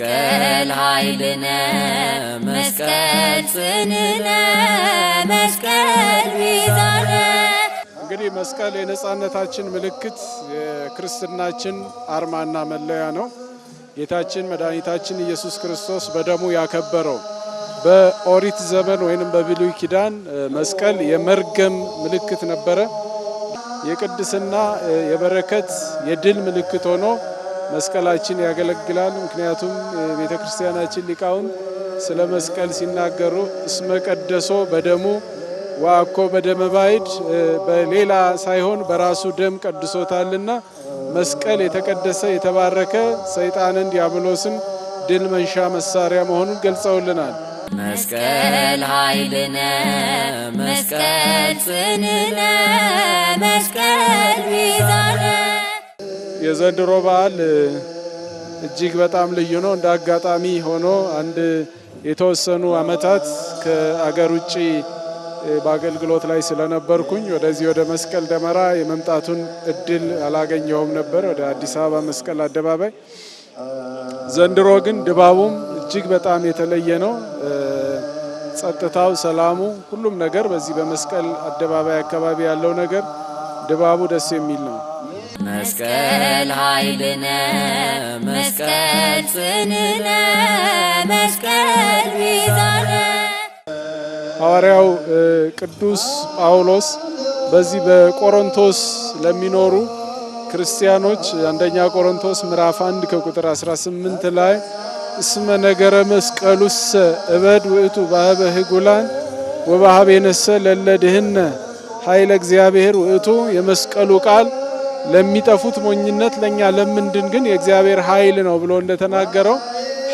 መስቀል ኃይልነ መስቀል ጽንዕነ መስቀል ሚዛነ። እንግዲህ መስቀል የነፃነታችን ምልክት የክርስትናችን አርማና መለያ ነው። ጌታችን መድኃኒታችን ኢየሱስ ክርስቶስ በደሙ ያከበረው በኦሪት ዘመን ወይንም በብሉይ ኪዳን መስቀል የመርገም ምልክት ነበረ። የቅድስና፣ የበረከት፣ የድል ምልክት ሆኖ መስቀላችን ያገለግላል። ምክንያቱም ቤተ ክርስቲያናችን ሊቃውን ስለ መስቀል ሲናገሩ እስመ ቀደሶ በደሙ ዋኮ በደመ ባይድ በሌላ ሳይሆን በራሱ ደም ቀድሶታልና መስቀል የተቀደሰ የተባረከ ሰይጣንን ዲያብሎስን ድል መንሻ መሳሪያ መሆኑን ገልጸውልናል። መስቀል ኃይልነ መስቀል ጽንዕነ መስቀል ቤዛነ የዘንድሮ በዓል እጅግ በጣም ልዩ ነው። እንደ አጋጣሚ ሆኖ አንድ የተወሰኑ ዓመታት ከአገር ውጭ በአገልግሎት ላይ ስለነበርኩኝ ወደዚህ ወደ መስቀል ደመራ የመምጣቱን እድል አላገኘውም ነበር ወደ አዲስ አበባ መስቀል አደባባይ። ዘንድሮ ግን ድባቡም እጅግ በጣም የተለየ ነው። ጸጥታው፣ ሰላሙ፣ ሁሉም ነገር በዚህ በመስቀል አደባባይ አካባቢ ያለው ነገር ድባቡ ደስ የሚል ነው። መስቀል ኃይልነ መስቀል ጽንዕነ መስቀል ሚዛነ። ሐዋርያው ቅዱስ ጳውሎስ በዚህ በቆሮንቶስ ለሚኖሩ ክርስቲያኖች አንደኛ ቆሮንቶስ ምዕራፍ 1 ከቁጥር 18 ላይ እስመ ነገረ መስቀሉሰ እበድ ውእቱ ባህበ ህጉላን ወባህቤ ለለድህነ ኃይለ እግዚአብሔር ውእቱ የመስቀሉ ቃል ለሚጠፉት ሞኝነት ለእኛ ለምንድን ግን የእግዚአብሔር ኃይል ነው ብሎ እንደተናገረው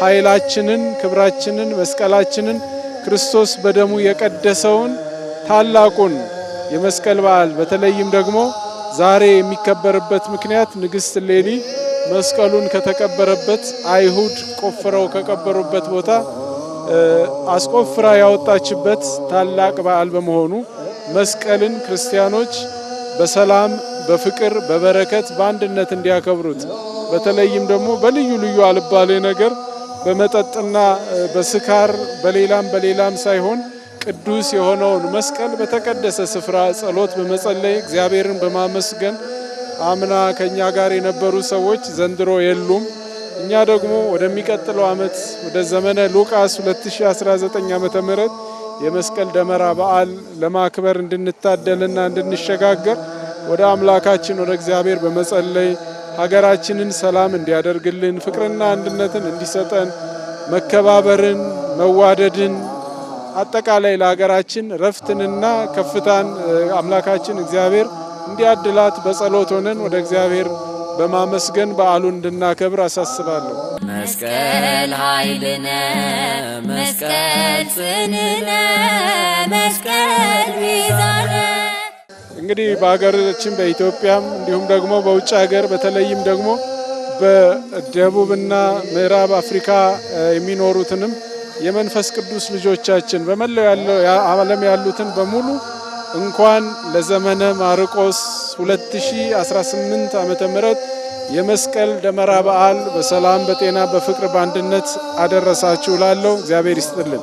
ኃይላችንን፣ ክብራችንን፣ መስቀላችንን ክርስቶስ በደሙ የቀደሰውን ታላቁን የመስቀል በዓል በተለይም ደግሞ ዛሬ የሚከበርበት ምክንያት ንግሥት ሌሊ መስቀሉን ከተቀበረበት አይሁድ ቆፍረው ከቀበሩበት ቦታ አስቆፍራ ያወጣችበት ታላቅ በዓል በመሆኑ መስቀልን ክርስቲያኖች በሰላም በፍቅር በበረከት በአንድነት እንዲያከብሩት በተለይም ደግሞ በልዩ ልዩ አልባሌ ነገር በመጠጥና በስካር በሌላም በሌላም ሳይሆን ቅዱስ የሆነውን መስቀል በተቀደሰ ስፍራ ጸሎት በመጸለይ እግዚአብሔርን በማመስገን አምና ከእኛ ጋር የነበሩ ሰዎች ዘንድሮ የሉም። እኛ ደግሞ ወደሚቀጥለው ዓመት ወደ ዘመነ ሉቃስ 2019 ዓ ም የመስቀል ደመራ በዓል ለማክበር እንድንታደልና እንድንሸጋገር ወደ አምላካችን ወደ እግዚአብሔር በመጸለይ ሀገራችንን ሰላም እንዲያደርግልን፣ ፍቅርና አንድነትን እንዲሰጠን፣ መከባበርን፣ መዋደድን አጠቃላይ ለሀገራችን ረፍትንና ከፍታን አምላካችን እግዚአብሔር እንዲያድላት በጸሎት ሆነን ወደ እግዚአብሔር በማመስገን በዓሉን እንድናከብር አሳስባለሁ። መስቀል ኃይልነ መስቀል ጽንነ መስቀል ቤዛነ እንግዲህ በሀገራችን በኢትዮጵያም እንዲሁም ደግሞ በውጭ ሀገር በተለይም ደግሞ በደቡብና ምዕራብ አፍሪካ የሚኖሩትንም የመንፈስ ቅዱስ ልጆቻችን በመላው ያለው ዓለም ያሉትን በሙሉ እንኳን ለዘመነ ማርቆስ 2018 ዓመተ ምህረት የመስቀል ደመራ በዓል በሰላም፣ በጤና፣ በፍቅር፣ በአንድነት አደረሳችሁ እላለሁ። እግዚአብሔር ይስጥልን።